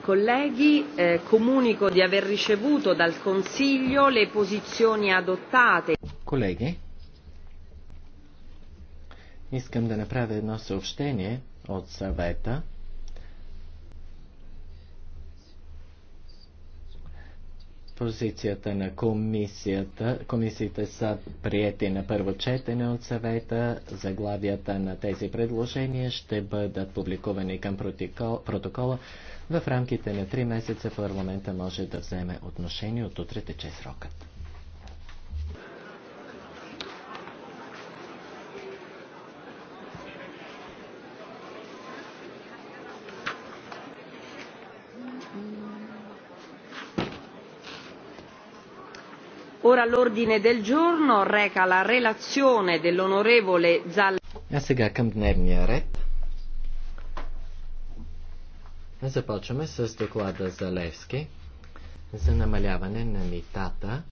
Colleghi, eh, comunico di aver ricevuto dal Consiglio le posizioni adottate. Colleghi, искам да направя едно съобщение от съвета. Позицията на комисията, комисиите са приети на първо четене от съвета. Заглавията на тези предложения ще бъдат публикувани към протокола. В рамките на три месеца парламента може да вземе отношение. От утре тече срокът. А сега към дневния ред. Започваме с доклада за Левски за намаляване на митата.